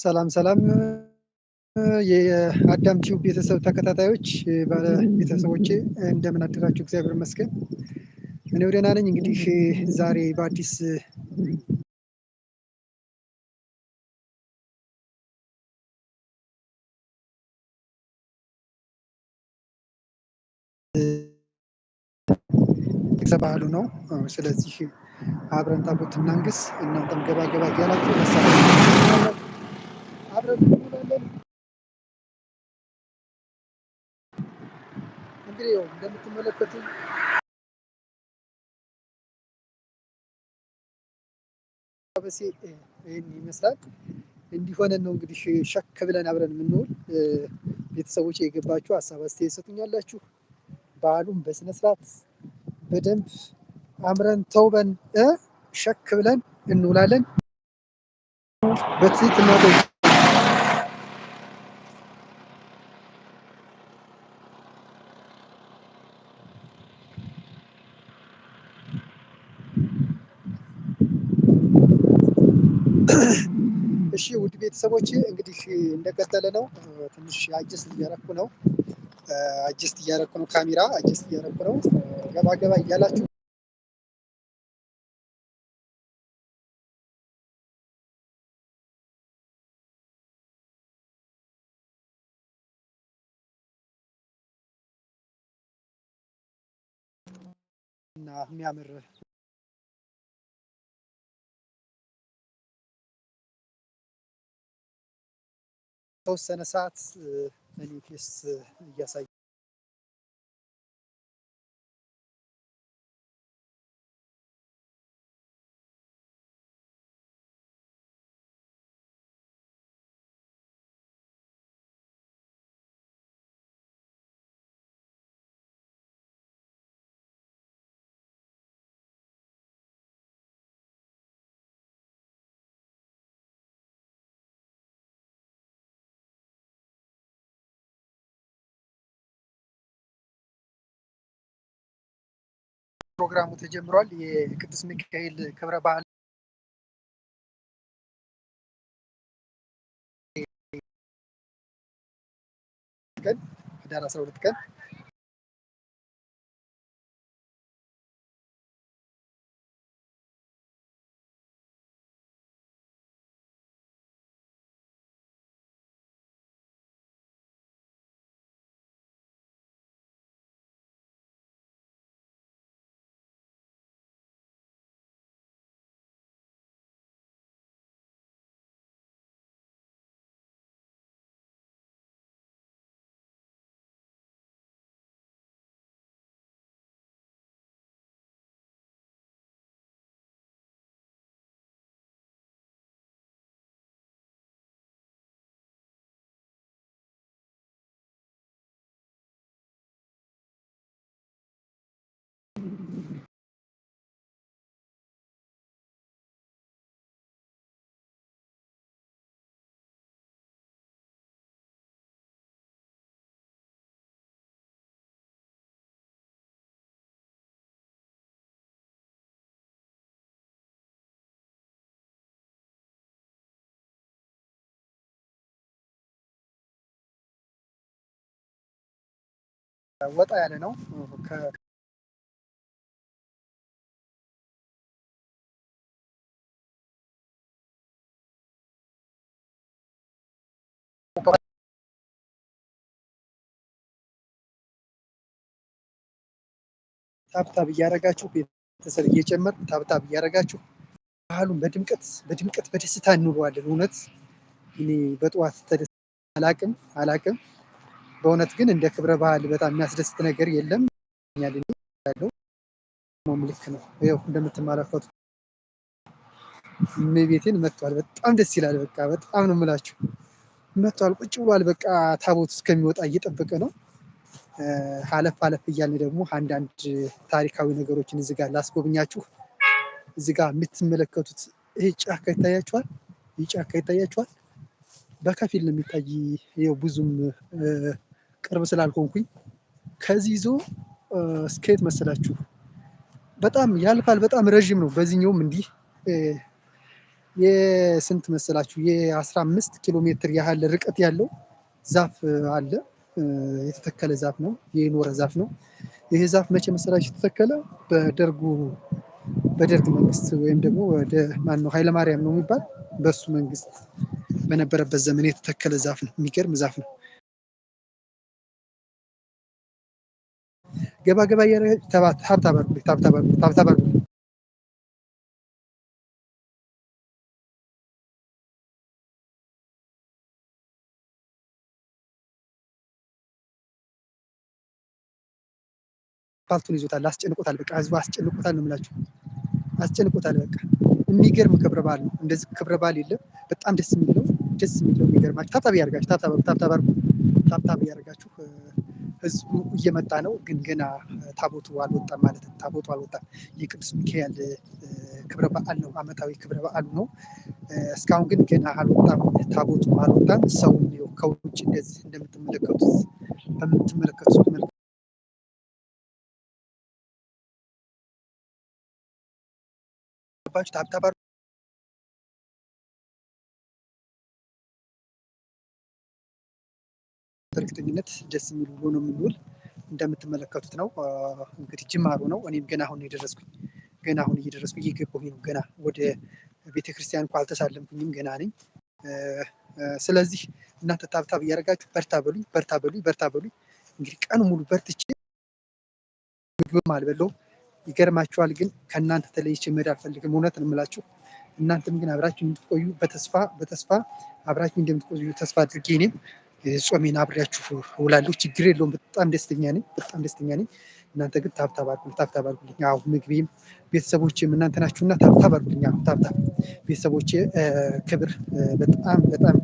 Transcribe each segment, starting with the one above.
ሰላም ሰላም የአዳም ቲዩብ ቤተሰብ ተከታታዮች ባለ ቤተሰቦቼ እንደምን አደራችሁ? እግዚአብሔር ይመስገን እኔ ደህና ነኝ። እንግዲህ ዛሬ በአዲስ ባህሉ ነው። ስለዚህ አብረን ታቦት እናንግስ እናንተም ገባ ገባ እያላችሁ ማድረግ እንችላለን። እንግዲህ ያው እንደምትመለከቱ አበሴ ይህን ይመስላል። እንዲሆነን ነው እንግዲህ ሸክ ብለን አብረን የምንውል ቤተሰቦች የገባችሁ ሀሳብ አስተያየት ሰጡኛላችሁ። በዓሉም በስነስርዓት በደንብ አምረን ተውበን ሸክ ብለን እንውላለን። በትህትና ቤተሰቦች እንግዲህ እንደቀጠለ ነው። ትንሽ አጀስት እያረኩ ነው። አጀስት እያረኩ ነው። ካሜራ አጀስት እያረኩ ነው። ገባ እያላችሁ እና የሚያምር ተወሰነ ሰዓት ማኒፌስት እያሳየ ፕሮግራሙ ተጀምሯል። የቅዱስ ሚካኤል ክብረ በዓል ቀን ህዳር 12 ቀን ወጣ ያለ ነው። ታብታብ እያደረጋችሁ ቤተሰብ እየጨመር ታብታብ እያደረጋችሁ ባህሉን በድምቀት በድምቀት በደስታ እንውለዋለን። እውነት እኔ በጠዋት ተደስ አላቅም አላቅም በእውነት ግን እንደ ክብረ ባህል በጣም የሚያስደስት ነገር የለም። ያለው ልክ ነው። እንደምትመለከቱት ቤቴን መጥቷል። በጣም ደስ ይላል። በቃ በጣም ነው የምላችሁ መጥቷል። ቁጭ ብሏል። በቃ ታቦት እስከሚወጣ እየጠበቀ ነው። ሀለፍ ሀለፍ እያልን ደግሞ አንዳንድ ታሪካዊ ነገሮችን እዚህ ጋር ላስጎብኛችሁ። እዚህ ጋር የምትመለከቱት ይህ ጫካ ይታያችኋል። ይህ ጫካ ይታያችኋል። በከፊል ነው የሚታይ ብዙም ቅርብ ስላልሆንኩኝ ከዚህ ይዞ እስከየት መሰላችሁ በጣም ያልፋል። በጣም ረዥም ነው። በዚህኛውም እንዲህ የስንት መሰላችሁ የ15 ኪሎ ሜትር ያህል ርቀት ያለው ዛፍ አለ። የተተከለ ዛፍ ነው፣ የኖረ ዛፍ ነው። ይህ ዛፍ መቼ መሰላችሁ የተተከለ? በደርጉ በደርግ መንግስት ወይም ደግሞ ወደ ማነው ኃይለማርያም ነው የሚባል በሱ መንግስት በነበረበት ዘመን የተተከለ ዛፍ ነው። የሚገርም ዛፍ ነው። ገባ ገባ እያደረገች ሀብታም አድርጉልኝ ሀብታም አድርጉልኝ ፓርቱን ይዞታል። አስጨንቆታል። በቃ ህዝቡ አስጨንቆታል ነው የምላችሁ፣ አስጨንቆታል። በቃ የሚገርም ክብረ በዓል ነው። እንደዚህ ክብረ በዓል የለም። በጣም ደስ የሚለው ደስ የሚለው ነው። የሚገርማችሁ ታብታብ ያደርጋችሁ ታብታብ ታብታብ ታብታብ ያደርጋችሁ ህዝቡ እየመጣ ነው፣ ግን ገና ታቦቱ አልወጣም ማለት ነው። ታቦቱ አልወጣም። የቅዱስ ሚካኤል ክብረ በዓል ነው፣ አመታዊ ክብረ በዓሉ ነው። እስካሁን ግን ገና አልወጣም፣ ታቦቱ አልወጣም። ሰው ከውጭ እንደዚህ እንደምትመለከቱት በምትመለከቱት መልኩ ባችሁ በእርግጠኝነት ደስ የሚል ውሎ ነው የምንውል። እንደምትመለከቱት ነው እንግዲህ ጅማሮ ነው። እኔም ገና አሁን የደረስኩኝ ገና አሁን እየደረስኩ እየገባሁኝ ነው። ገና ወደ ቤተ ክርስቲያን እንኳ አልተሳለምኩኝም፣ ገና ነኝ። ስለዚህ እናንተ ታብታብ እያደረጋችሁ በርታ በሉኝ፣ በርታ በሉኝ፣ በርታ በሉኝ። እንግዲህ ቀን ሙሉ በርትቼ ምግብም አልበለው ይገርማችኋል። ግን ከእናንተ ተለይቼ መሄድ አልፈልግም። እውነት ነው የምላችሁ። እናንተም ግን አብራችሁ እንድትቆዩ በተስፋ በተስፋ አብራችሁ እንደምትቆዩ ተስፋ አድርጌ እኔም ጾሜን አብሬያችሁ እውላለሁ። ችግር የለውም። በጣም ደስተኛ ነኝ። በጣም ደስተኛ ነኝ። እናንተ ግን ታብታብ አድርጉ፣ ታብታብ አድርጉልኝ። አሁ ምግቤም ቤተሰቦቼም እናንተ ናችሁና ታብታብ አድርጉልኝ። አሁ ታብታብ ቤተሰቦቼ ክብር፣ በጣም በጣም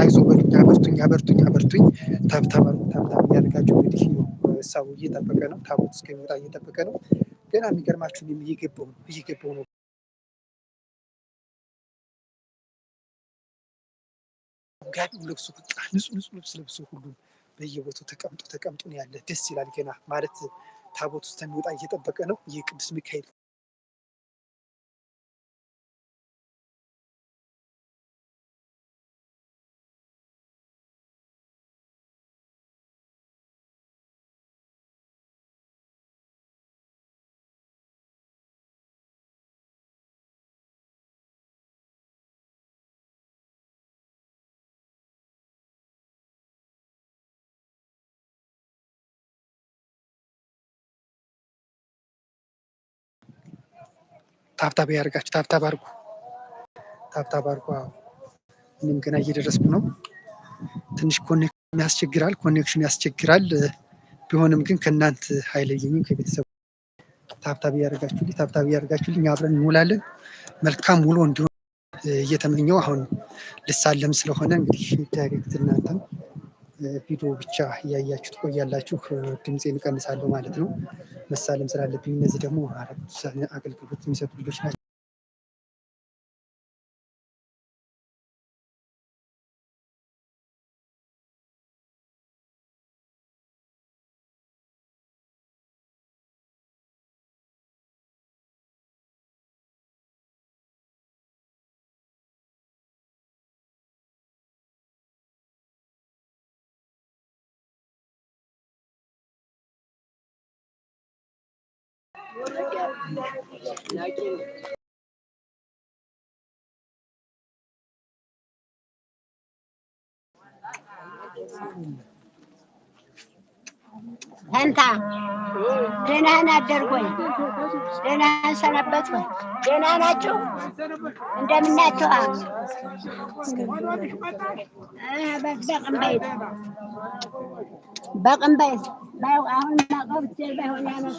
አይዞ በሉኝ፣ አበርቱኝ፣ አበርቱኝ፣ አበርቱኝ። ታብታብ አድርጉ፣ ታብታብ እያደረጋችሁ እንግዲህ ሰው እየጠበቀ ነው። ታቦት እስከሚወጣ እየጠበቀ ነው። ገና የሚገርማችሁ እየገባሁ ነው፣ እየገባሁ ነው። ጋቢው ለብሶ በቃ ንጹህ ንጹህ ልብስ ለብሶ ሁሉም በየቦታው ተቀምጦ ተቀምጦ ነው ያለ። ደስ ይላል። ገና ማለት ታቦት ውስጥ የሚወጣ እየጠበቀ ነው። ይህ ቅዱስ ሚካኤል ታብታብ ያደርጋችሁ። ታብታብ አድርጉ፣ ታብታብ አድርጉ። እኔም ገና እየደረስኩ ነው። ትንሽ ኮኔክሽን ያስቸግራል፣ ኮኔክሽን ያስቸግራል። ቢሆንም ግን ከእናንት አይለየኝም ከቤተሰቡ። ታብታብ ያደርጋችሁልኝ፣ ታብታብ ያደርጋችሁልኝ። አብረን እንውላለን። መልካም ውሎ እንዲሆን እየተመኘው አሁን ልሳለም ስለሆነ እንግዲህ ዳይሬክት እናንተም ቪዲዮ ብቻ እያያችሁ ትቆያላችሁ። ድምፄን እቀንሳለሁ ማለት ነው። መሳለም ስላለብኝ እነዚህ ደግሞ አገልግሎት የሚሰጡ ልጆች ናቸው። Thank you. ፈንታ ደህናህን አደርጎኝ ወይ? ደህናህን ሰነበትክ ወይ? ደህና ናችሁ? እንደምናችሁ በቅንበይት በቅንበይት አሁን ማቆብ ባይሆን ያነሱ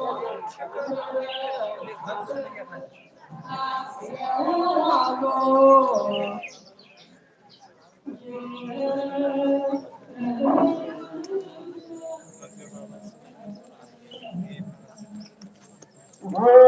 Oh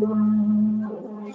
đường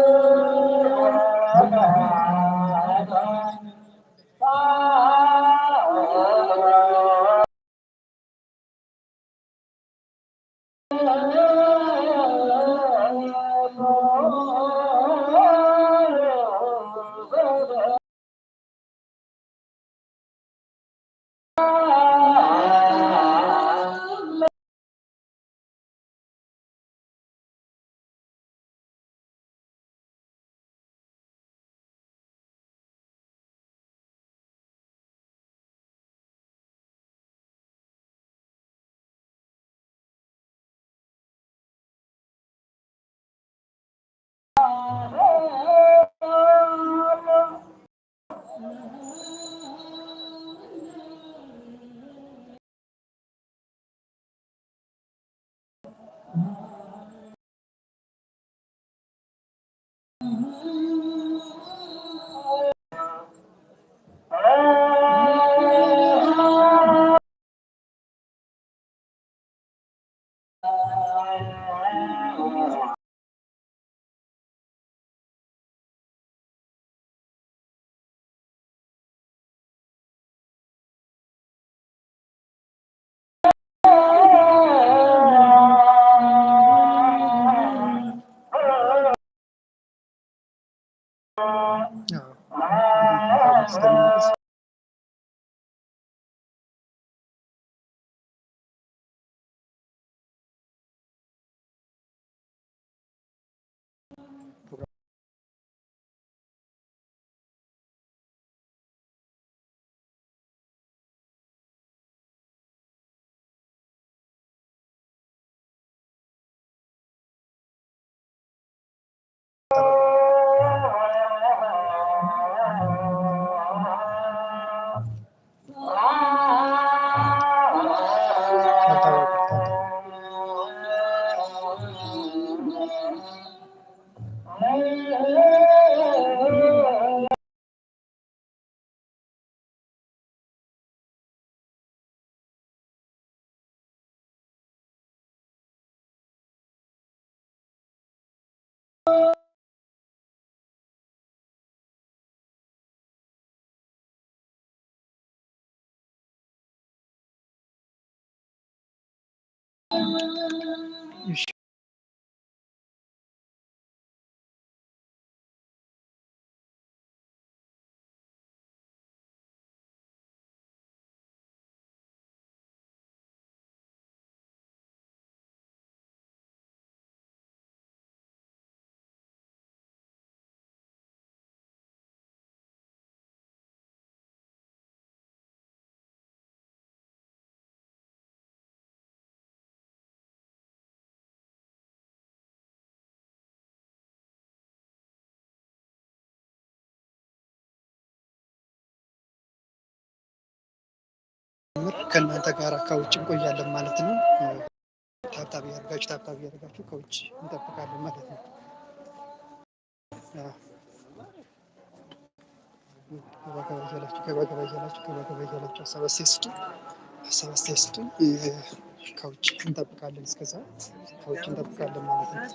You ጭምር ከእናንተ ጋር ከውጭ እንቆያለን ማለት ነው። ታብታብ ያደርጋችሁ ታብታብ ያደርጋችሁ ከውጭ እንጠብቃለን ማለት ነው። ከውጭ እንጠብቃለን፣ እስከዛ ከውጭ እንጠብቃለን ማለት ነው።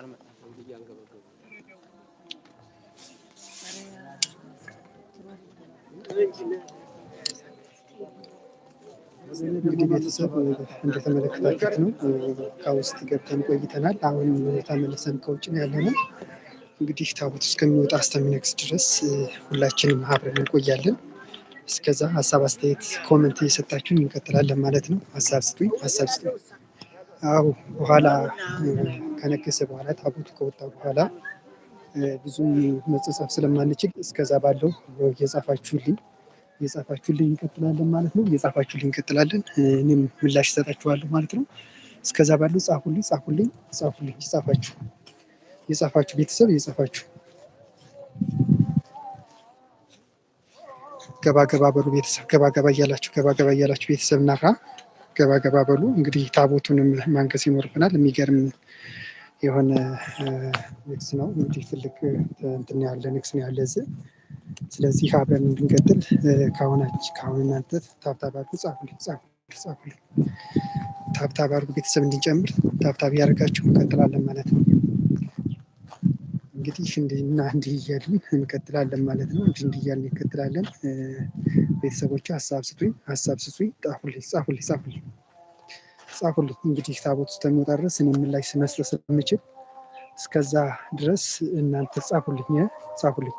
ካልመጣፈም ብዬ አንገበገቡ እንግዲህ ቤተሰብ እንደተመለከታችሁት ነው። ከውስጥ ገብተን ቆይተናል። አሁን ተመልሰን ከውጭ ነው ያለነው። እንግዲህ ታቦት እስከሚወጣ አስተሚነክስ ድረስ ሁላችንም አብረን እንቆያለን። እስከዛ ሀሳብ፣ አስተያየት፣ ኮመንት እየሰጣችሁን እንቀጥላለን ማለት ነው። ሀሳብ ስጡኝ፣ ሀሳብ ስጡኝ። አዎ በኋላ ከነገሰ በኋላ ታቦቱ ከወጣ በኋላ ብዙም መጻጻፍ ስለማንችል እስከዛ ባለው የጻፋችሁልኝ የጻፋችሁልኝ እንቀጥላለን ማለት ነው። የጻፋችሁልኝ እንቀጥላለን። እኔም ምላሽ እሰጣችኋለሁ ማለት ነው። እስከዛ ባለው ጻፉልኝ፣ ጻፉልኝ፣ ጻፉልኝ። የጻፋችሁ የጻፋችሁ ቤተሰብ የጻፋችሁ ገባ ገባ በሉ ቤተሰብ ገባ ገባ እያላችሁ ገባ ገባ እያላችሁ ቤተሰብ እናካ ገባ ገባ በሉ እንግዲህ ታቦቱንም ማንገስ ይኖርብናል። የሚገርም የሆነ ንግስ ነው እንግዲህ ትልቅ እንትን ያለ ንግስ ነው ያለ እዚህ። ስለዚህ አብረን እንድንቀጥል ከአሁናች ከአሁን እናንተ ታብታብ አድርጉ፣ ጻፉልኝ፣ ጻፉልኝ፣ ጻፉልኝ፣ ታብታብ አድርጉ። ቤተሰብ እንድንጨምር ታብታብ እያደረጋችሁ እንቀጥላለን ማለት ነው። እንግዲህ እንዲህና እንዲህ እያልን እንቀጥላለን ማለት ነው። እንዲህ እንዲህ እያልን እንቀጥላለን። ቤተሰቦች ሀሳብ ስጡኝ፣ ሀሳብ ስጡኝ፣ ጻፉልኝ፣ ጻፉልኝ፣ ጻፉልኝ ጻፉልኝ። እንግዲህ ታቦት እስከሚወጣ ድረስ እኔ ምላሽ መስጠት ስለምችል እስከዛ ድረስ እናንተ ጻፉልኝ ጻፉልኝ።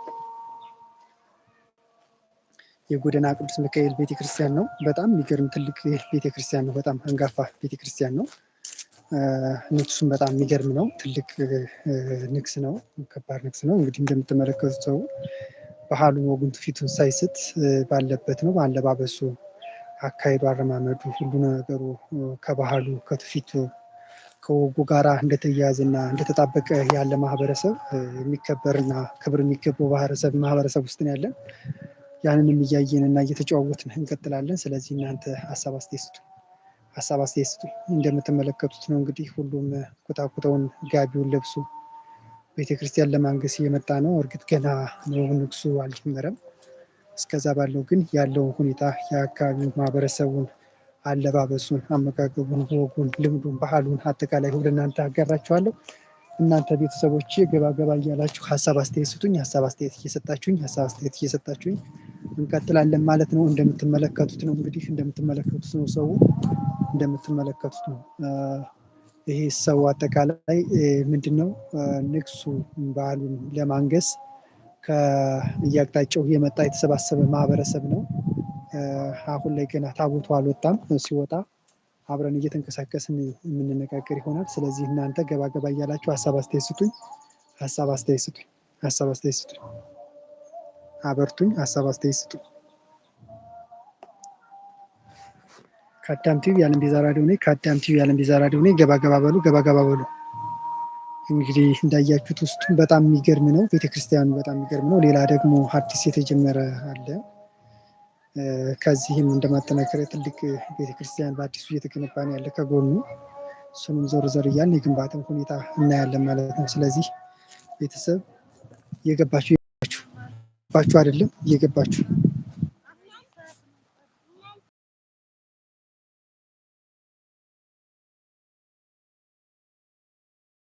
የጎደና ቅዱስ ሚካኤል ቤተክርስቲያን ነው። በጣም የሚገርም ትልቅ ቤተክርስቲያን ነው። በጣም አንጋፋ ቤተክርስቲያን ነው። ንግሱም በጣም የሚገርም ነው። ትልቅ ንግስ ነው። ከባድ ንግስ ነው። እንግዲህ እንደምትመለከቱት ሰው ባህሉን ወጉን ትውፊቱን ሳይስት ባለበት ነው በአለባበሱ አካሄዱ፣ አረማመዱ፣ ሁሉ ነገሩ ከባህሉ ከትውፊቱ ከወጉ ጋራ እና እንደተጣበቀ ያለ ማህበረሰብ እና ክብር የሚገባው ማህበረሰብ ውስጥ ነው ያለን። ያንንም እያየን እና እየተጨዋወትን እንቀጥላለን። ስለዚህ እናንተ ሀሳብ አስተያየት ሀሳብ አስተያየት ስጡ። እንደምትመለከቱት ነው እንግዲህ ሁሉም ኩታኩታውን ጋቢውን ለብሶ ቤተክርስቲያን ለማንገስ እየመጣ ነው። እርግጥ ገና ንግሱ አልጀመረም። እስከዛ ባለው ግን ያለውን ሁኔታ የአካባቢውን ማህበረሰቡን አለባበሱን፣ አመጋገቡን፣ ወጉን፣ ልምዱን፣ ባህሉን አጠቃላይ ሁሉ እናንተ አጋራችኋለሁ። እናንተ ቤተሰቦች ገባ ገባ እያላችሁ ሀሳብ አስተያየት ስጡኝ። ሀሳብ አስተያየት እየሰጣችሁኝ ሀሳብ አስተያየት እየሰጣችሁኝ እንቀጥላለን ማለት ነው። እንደምትመለከቱት ነው እንግዲህ እንደምትመለከቱት ነው ሰው እንደምትመለከቱት ነው። ይሄ ሰው አጠቃላይ ምንድን ነው ንግሱ ባህሉን ለማንገስ ከየአቅጣጫው እየመጣ የተሰባሰበ ማህበረሰብ ነው። አሁን ላይ ገና ታቦቱ አልወጣም። ሲወጣ አብረን እየተንቀሳቀስን የምንነጋገር ይሆናል። ስለዚህ እናንተ ገባገባ እያላችሁ ሀሳብ አስተያየት ስጡኝ፣ ሀሳብ አስተያየት ስጡኝ፣ ሀሳብ አስተያየት ስጡኝ፣ አበርቱኝ፣ ሀሳብ አስተያየት ስጡኝ። ከአዳም ቲቪ የዓለም ቤዛ ራዲዮ ነኝ። ከአዳም ቲቪ የዓለም ቤዛ ራዲዮ ነኝ። ገባገባ በሉ፣ ገባገባ በሉ። እንግዲህ እንዳያችሁት ውስጡም በጣም የሚገርም ነው። ቤተክርስቲያኑ በጣም የሚገርም ነው። ሌላ ደግሞ አዲስ የተጀመረ አለ። ከዚህም እንደማጠናከሪያ ትልቅ ቤተክርስቲያን በአዲሱ እየተገነባ ነው ያለ ከጎኑ። እሱንም ዞር ዞር እያልን የግንባታን ሁኔታ እናያለን ማለት ነው። ስለዚህ ቤተሰብ እየገባችሁ ባችሁ አይደለም እየገባችሁ